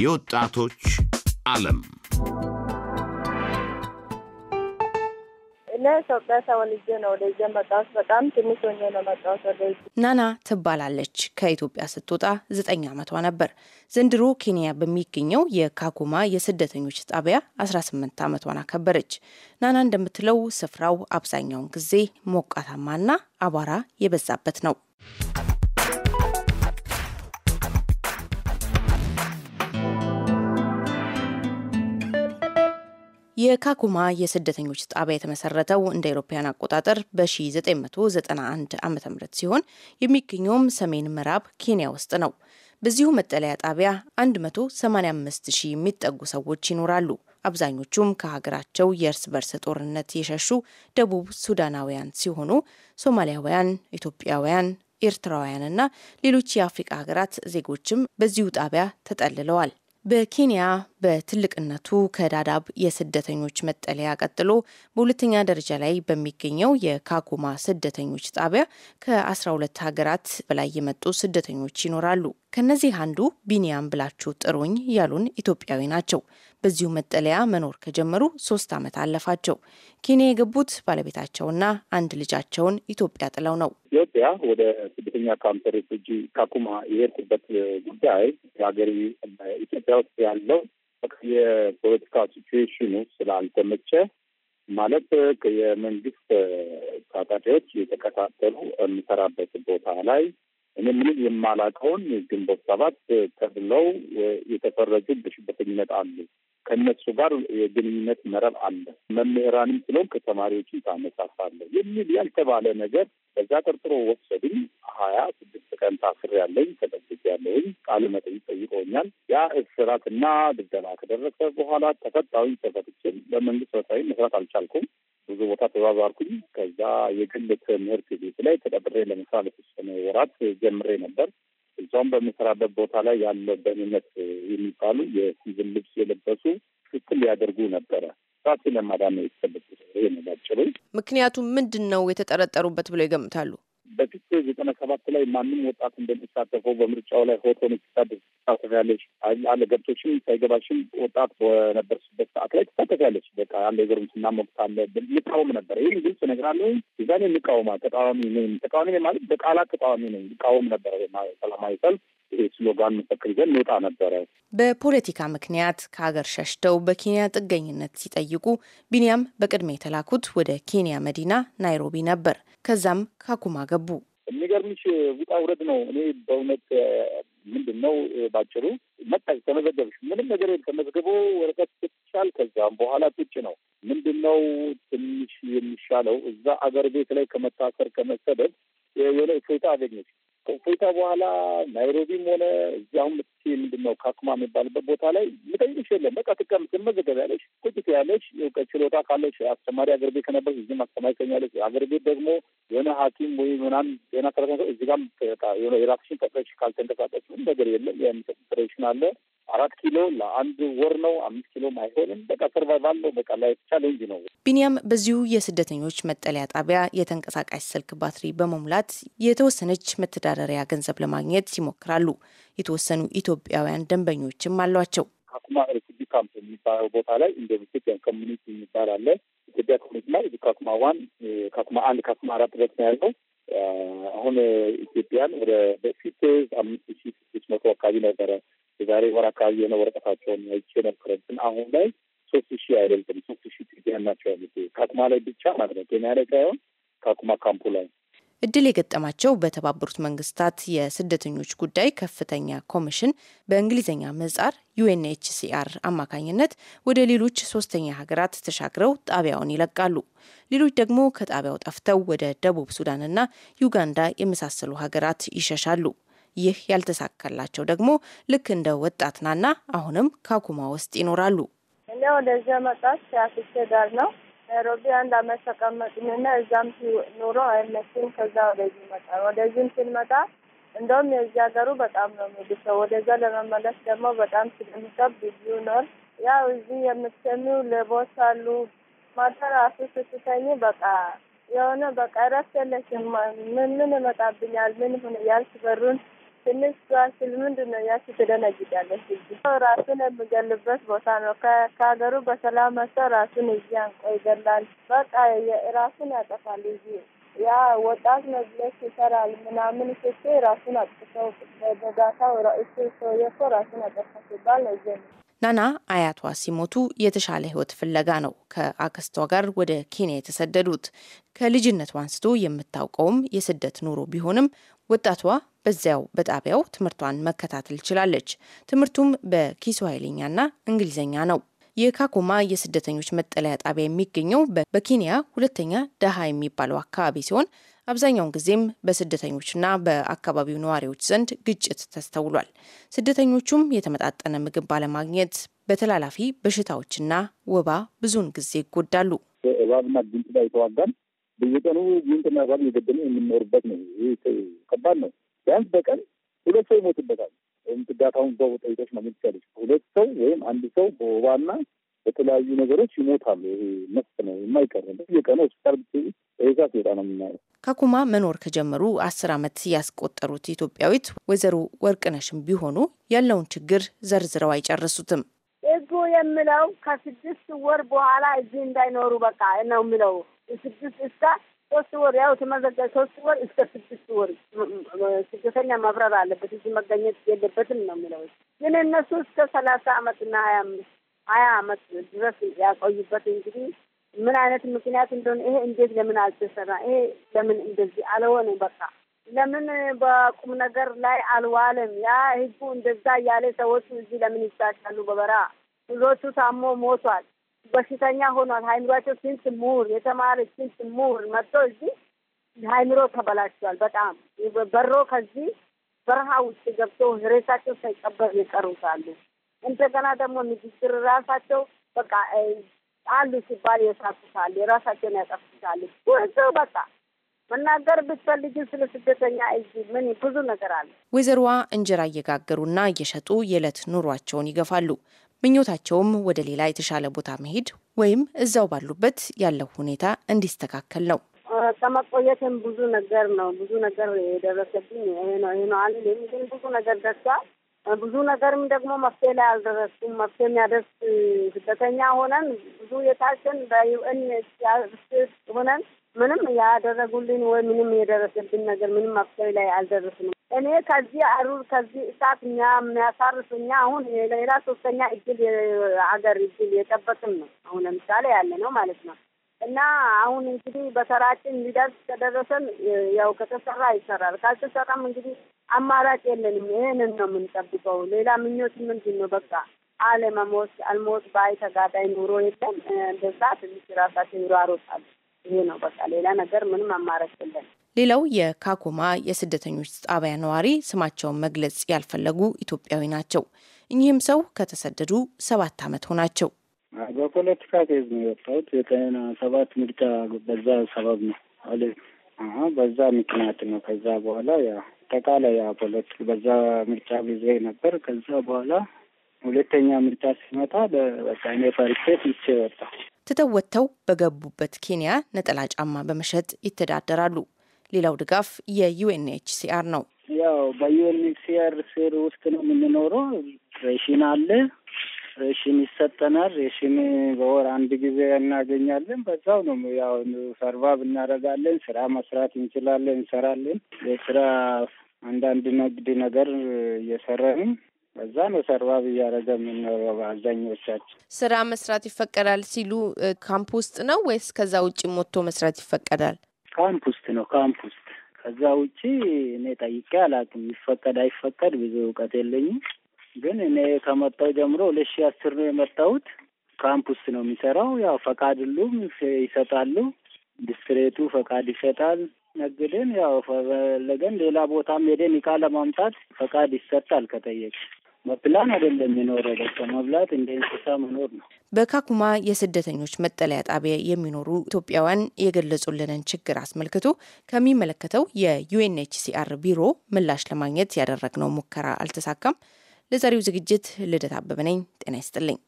የወጣቶች ዓለም እና ኢትዮጵያ ተወልጄ ነው ወደዚህ በጣም ትንሽ ሆኜ ነው ወደዚህ። ናና ትባላለች። ከኢትዮጵያ ስትወጣ ዘጠኝ ዓመቷ ነበር። ዘንድሮ ኬንያ በሚገኘው የካኩማ የስደተኞች ጣቢያ 18 ዓመቷን አከበረች። ናና እንደምትለው ስፍራው አብዛኛውን ጊዜ ሞቃታማና አቧራ የበዛበት ነው። የካኩማ የስደተኞች ጣቢያ የተመሰረተው እንደ አውሮፓውያን አቆጣጠር በ1991 ዓ ም ሲሆን የሚገኘውም ሰሜን ምዕራብ ኬንያ ውስጥ ነው። በዚሁ መጠለያ ጣቢያ 185 ሺህ የሚጠጉ ሰዎች ይኖራሉ። አብዛኞቹም ከሀገራቸው የእርስ በርስ ጦርነት የሸሹ ደቡብ ሱዳናውያን ሲሆኑ ሶማሊያውያን፣ ኢትዮጵያውያን፣ ኤርትራውያንና ሌሎች የአፍሪቃ ሀገራት ዜጎችም በዚሁ ጣቢያ ተጠልለዋል። በኬንያ በትልቅነቱ ከዳዳብ የስደተኞች መጠለያ ቀጥሎ በሁለተኛ ደረጃ ላይ በሚገኘው የካጉማ ስደተኞች ጣቢያ ከ12 ሀገራት በላይ የመጡ ስደተኞች ይኖራሉ። ከነዚህ አንዱ ቢኒያም ብላችሁ ጥሩኝ ያሉን ኢትዮጵያዊ ናቸው። በዚሁ መጠለያ መኖር ከጀመሩ ሶስት ዓመት አለፋቸው። ኬንያ የገቡት ባለቤታቸውና አንድ ልጃቸውን ኢትዮጵያ ጥለው ነው። ኢትዮጵያ ወደ ስደተኛ ካምፕ ሪፉጂ ካኩማ የሄድኩበት ጉዳይ ሀገሪ ኢትዮጵያ ውስጥ ያለው የፖለቲካ ሲትዌሽኑ ስላልተመቸ ማለት የመንግስት ታጣቂዎች የተከታተሉ የምሰራበት ቦታ ላይ እኔ ምንም የማላውቀውን ግንቦት ሰባት ተብለው የተፈረጁ በሽብርተኝነት አሉ። ከእነሱ ጋር የግንኙነት መረብ አለ። መምህራንም ስለሆን ከተማሪዎችን ታነሳሳለ የሚል ያልተባለ ነገር በዛ ጠርጥሮ ወሰዱኝ። ሀያ ስድስት ቀን ታስር ያለኝ ተጠብቅ ያለሁኝ ቃለ መጠይቅ ጠይቆኛል። ያ እስራትና ድብደባ ከደረሰ በኋላ ተፈታሁኝ። ተፈትቼ በመንግስት መስሪያ መስራት አልቻልኩም። ብዙ ቦታ ተዛዛርኩኝ። ከዛ የግል ትምህርት ቤት ላይ ተቀጥሬ ለመስራት ለተወሰነ ወራት ጀምሬ ነበር። እዛውም በምሰራበት ቦታ ላይ ያለ ደህንነት የሚባሉ የሲቪል ልብስ የለበሱ ክትትል ያደርጉ ነበረ። ራሴ ለማዳን ነው የተሰለፉ ይሄ ነው ባጭሩ። ምክንያቱም ምንድን ነው የተጠረጠሩበት ብለው ይገምታሉ? በፊት ዘጠና ሰባት ላይ ማንም ወጣት እንደሚሳተፈው በምርጫው ላይ ሆቶ ምትሳደፍ ትሳተፊያለሽ አለ ገብቶችም ሳይገባሽም ወጣት በነበርሽበት ሰዓት ላይ ትሳተፊያለሽ። በቃ አለ የጎረምስና መብት አለ ልቃወም ነበር። ይህን ግልጽ ነገር አለ። የዛኔ እንቃወማ ተቃዋሚ ነኝ ተቃዋሚ ማለት በቃላት ተቃዋሚ ነኝ ልቃወም ነበረ። ሰላማዊ ሰልፍ ስሎጋን መፈክር ይዘን እንወጣ ነበረ። በፖለቲካ ምክንያት ከሀገር ሸሽተው በኬንያ ጥገኝነት ሲጠይቁ ቢኒያም በቅድሚያ የተላኩት ወደ ኬንያ መዲና ናይሮቢ ነበር። ከዛም ካኩማ ገቡ። ገቡ። የሚገርምሽ ውጣ ውረድ ነው። እኔ በእውነት ምንድን ነው ባጭሩ መጣሽ፣ ተመዘገብሽ፣ ምንም ነገር ተመዝግቦ ወረቀት ስትሻል ከዛም በኋላ ቁጭ ነው። ምንድን ነው ትንሽ የሚሻለው እዛ አገር ቤት ላይ ከመታሰር ከመሰደድ የሆነ እፎይታ አገኘች። ከእፎይታ በኋላ ናይሮቢም ሆነ እዚያሁን ምት ምንድን ነው ካኩማ የሚባልበት ቦታ ላይ ምጠይቅሽ የለም በቃ ትቀም ያለሽ ፖለቲካ ያለች ችሎታ ካለች አስተማሪ አገር ቤት ከነበር እዚህም አስተማሪ ከኛለች አገር ቤት ደግሞ የሆነ ሐኪም ወይ ምናም ጤና ሰራተኛ እዚህ ጋም የሆነ የራስሽን ፈጥረሽ ካልተንቀሳቀስሽ ምንም ነገር የለም። የሚሰጥ ኦፕሬሽን አለ። አራት ኪሎ ለአንድ ወር ነው። አምስት ኪሎ አይሆንም። በቃ ሰርቫይቫል ነው። በቃ ላይ ቻሌንጅ ነው። ቢኒያም በዚሁ የስደተኞች መጠለያ ጣቢያ የተንቀሳቃሽ ስልክ ባትሪ በመሙላት የተወሰነች መተዳደሪያ ገንዘብ ለማግኘት ይሞክራሉ። የተወሰኑ ኢትዮጵያውያን ደንበኞችም አሏቸው። ካኩማ ሪፉጂ ካምፕ የሚባለው ቦታ ላይ እንደ ኢትዮጵያን ኮሚኒቲ የሚባል አለ። ኢትዮጵያ ኮሚኒቲ ላይ እዚ ካኩማ ዋን፣ ካኩማ አንድ፣ ካኩማ አራት ድረስ ነው ያለው። አሁን ኢትዮጵያን ወደ በፊት አምስት ሺ ስድስት መቶ አካባቢ ነበረ። የዛሬ ወር አካባቢ የሆነ ወረቀታቸውን አይቼ ነበረ። ግን አሁን ላይ ሶስት ሺ አይደለም ሶስት ሺ ኢትዮጵያን ናቸው ያሉት ካኩማ ላይ ብቻ ማለት ነው። ኬንያ ላይ ሳይሆን ካኩማ ካምፑ ላይ እድል የገጠማቸው በተባበሩት መንግስታት የስደተኞች ጉዳይ ከፍተኛ ኮሚሽን በእንግሊዝኛ ምህጻር ዩኤንኤችሲአር አማካኝነት ወደ ሌሎች ሶስተኛ ሀገራት ተሻግረው ጣቢያውን ይለቃሉ። ሌሎች ደግሞ ከጣቢያው ጠፍተው ወደ ደቡብ ሱዳንና ዩጋንዳ የመሳሰሉ ሀገራት ይሸሻሉ። ይህ ያልተሳካላቸው ደግሞ ልክ እንደ ወጣት ናና አሁንም ካኩማ ውስጥ ይኖራሉ። እኔ ወደዚያ መጣት ነው ናይሮቢ አንድ አመት ተቀመጥንና እዛም ኑሮ አይመችም። ከዛ ወደዚህ መጣ። ወደዚህም ስንመጣ እንደውም የዚህ ሀገሩ በጣም ነው የሚልሰው። ወደዛ ለመመለስ ደግሞ በጣም ስለሚቀብ ብዙ ኖር ያው እዚህ የምትሰሚው ሌቦች አሉ። ማታ ራሱ ስትተኝ በቃ የሆነ በቃ እረፍት የለሽም። ምን ምን ይመጣብኛል ምን ይሁን እያልሽ በሩን ትንሽ ስል ምንድን ነው ያቺ ትደነግጣለች። እ ራሱን የምገልበት ቦታ ነው። ከሀገሩ በሰላም መጥቶ ራሱን እዚህ አንቆ ይገላል። በቃ ራሱን ያጠፋል። እዚህ ያ ወጣት ነው ይሰራል ምናምን ስስ ራሱን አጥፍተው በጋታው እሱ ሰውዬ ራሱን አጠፋ ሲባል ነው እዚህ ናና አያቷ ሲሞቱ የተሻለ ህይወት ፍለጋ ነው ከአክስቷ ጋር ወደ ኬንያ የተሰደዱት። ከልጅነቷ አንስቶ የምታውቀውም የስደት ኑሮ ቢሆንም ወጣቷ በዚያው በጣቢያው ትምህርቷን መከታተል ችላለች። ትምህርቱም በኪስዋሂሊኛና እንግሊዝኛ ነው። የካኮማ የስደተኞች መጠለያ ጣቢያ የሚገኘው በኬንያ ሁለተኛ ደሃ የሚባለው አካባቢ ሲሆን አብዛኛውን ጊዜም በስደተኞችና በአካባቢው ነዋሪዎች ዘንድ ግጭት ተስተውሏል። ስደተኞቹም የተመጣጠነ ምግብ ባለማግኘት በተላላፊ በሽታዎችና ወባ ብዙውን ጊዜ ይጎዳሉ። እባብና ጊንጥ ላይ የተዋጋን በየቀኑ ጊንጥና እባብ እየገደሉ የምንኖርበት ነው። ከባድ ነው። ቢያንስ በቀን ሁለት ሰው ይሞትበታል። ወይም እርዳታውን እዛው ጠይቀሽ ነው ይቻለች። ሁለት ሰው ወይም አንድ ሰው በወባና በተለያዩ ነገሮች ይሞታሉ። ይሄ መስ ነው የማይቀር የቀኑ ሆስፒታል ብትሄጂ ሬሳት ይወጣ ነው የምናየው። ከኩማ መኖር ከጀመሩ አስር ዓመት ያስቆጠሩት ኢትዮጵያዊት ወይዘሮ ወርቅነሽም ቢሆኑ ያለውን ችግር ዘርዝረው አይጨርሱትም። ህጉ የምለው ከስድስት ወር በኋላ እዚህ እንዳይኖሩ በቃ ነው የምለው ስድስት እስከ ሶስት ወር ያው ተመዘገ ሶስት ወር እስከ ስድስት ወር ስደተኛ መብረር አለበት እዚህ መገኘት የለበትም ነው የሚለው። ግን እነሱ እስከ ሰላሳ አመትና ሀያ አምስት ሀያ አመት ድረስ ያቆዩበት እንግዲህ ምን አይነት ምክንያት እንደሆነ ይሄ እንዴት ለምን አልተሰራ ይሄ ለምን እንደዚህ አልሆነ በቃ ለምን በቁም ነገር ላይ አልዋለም? ያ ህዝቡ እንደዛ እያለ ሰዎቹ እዚህ ለምን ይታሻሉ? በበራ ብዙዎቹ ታሞ ሞቷል። በሽተኛ ሆኗል። ሀይምሯቸው ስንት ምሁር የተማረ ስንት ምሁር መጥቶ እዚህ ሀይምሮ ተበላሽቷል። በጣም በሮ ከዚህ በረሃ ውስጥ ገብቶ ሬሳቸው ሳይቀበር ይቀሩታሉ። እንደገና ደግሞ ንግግር ራሳቸው በቃ አሉ ሲባል የሳኩታል፣ የራሳቸውን ያጠፍታሉ። ብዙ በቃ መናገር ብትፈልጊ ስለ ስደተኛ እዚ ምን ብዙ ነገር አለ። ወይዘሮዋ እንጀራ እየጋገሩና እየሸጡ የዕለት ኑሯቸውን ይገፋሉ። ምኞታቸውም ወደ ሌላ የተሻለ ቦታ መሄድ ወይም እዛው ባሉበት ያለው ሁኔታ እንዲስተካከል ነው። ከመቆየትም ብዙ ነገር ነው ብዙ ነገር የደረሰብኝ ይሄ ነው ይሄ ነው አልልም፣ ግን ብዙ ነገር ደርሷል። ብዙ ነገርም ደግሞ መፍትሄ ላይ አልደረስኩም። መፍትሄ የሚያደርስ ስደተኛ ሆነን ብዙ የታችን በዩኤን ሆነን ምንም ያደረጉልን ወይ ምንም የደረሰብን ነገር ምንም መፍትሄ ላይ አልደረስንም። እኔ ከዚህ አሩር ከዚህ እሳት እኛ የሚያሳርሱኛ አሁን ሌላ ሶስተኛ እጅል ሀገር እጅል የጠበቅም ነው አሁን ለምሳሌ ያለ ነው ማለት ነው። እና አሁን እንግዲህ በሰራችን ሊደርስ ከደረሰን ያው ከተሰራ ይሰራል፣ ካልተሰራም እንግዲህ አማራጭ የለንም። ይህንን ነው የምንጠብቀው። ሌላ ምኞት ምንድን ነው? በቃ አለመሞት አልሞት ባይ ተጋዳይ ኑሮ የለን። እንደዛ ትንሽ ራሳቸው ይሯሮጣሉ። ይሄ ነው በቃ ሌላ ነገር ምንም አማራጭ የለን። ሌላው የካኮማ የስደተኞች ጣቢያ ነዋሪ ስማቸውን መግለጽ ያልፈለጉ ኢትዮጵያዊ ናቸው። እኚህም ሰው ከተሰደዱ ሰባት ዓመት ሆናቸው። በፖለቲካ ኬዝ ነው የወጣሁት። የጤና ሰባት ምርጫ በዛ ሰበብ ነው በዛ ምክንያት ነው። ከዛ በኋላ ያ አጠቃላይ ያ ፖለቲክ በዛ ምርጫ ጊዜ ነበር። ከዛ በኋላ ሁለተኛ ምርጫ ሲመጣ በቃ እኔ ፈርቼ ትቼ ወጣ። ትተው በገቡበት ኬንያ ነጠላ ጫማ በመሸጥ ይተዳደራሉ። ሌላው ድጋፍ የዩኤንኤችሲአር ነው። ያው በዩኤንኤችሲአር ስር ውስጥ ነው የምንኖረው። ሬሽን አለ፣ ሬሽን ይሰጠናል። ሬሽን በወር አንድ ጊዜ እናገኛለን። በዛው ነው ያው ሰርቫብ እናደርጋለን። ስራ መስራት እንችላለን፣ እንሰራለን። የስራ አንዳንድ ንግድ ነገር እየሰራንም በዛ ነው ሰርባብ እያደረገ የምንኖረው አብዛኞቻችን። ስራ መስራት ይፈቀዳል ሲሉ ካምፕ ውስጥ ነው ወይስ ከዛ ውጭ ሞቶ መስራት ይፈቀዳል? ካምፕ ውስጥ ነው ካምፕ ውስጥ። ከዛ ውጪ እኔ ጠይቄ አላውቅም። ይፈቀድ አይፈቀድ ብዙ እውቀት የለኝም። ግን እኔ ከመጣው ጀምሮ ሁለት ሺህ አስር ነው የመጣሁት። ካምፕ ውስጥ ነው የሚሰራው። ያው ፈቃድ ሁሉም ይሰጣሉ። ዲስትሬቱ ፈቃድ ይሰጣል። ነግደን ያው ፈለገን ሌላ ቦታም ሄደን እቃ ለማምጣት ፈቃድ ይሰጣል ከጠየቅ መብላን አይደለም የኖረ በቃ መብላት እንደ እንስሳ መኖር ነው። በካኩማ የስደተኞች መጠለያ ጣቢያ የሚኖሩ ኢትዮጵያውያን የገለጹልንን ችግር አስመልክቶ ከሚመለከተው የዩኤንኤችሲአር ቢሮ ምላሽ ለማግኘት ያደረግነው ሙከራ አልተሳካም። ለዛሬው ዝግጅት ልደት አበበ ነኝ። ጤና ይስጥልኝ።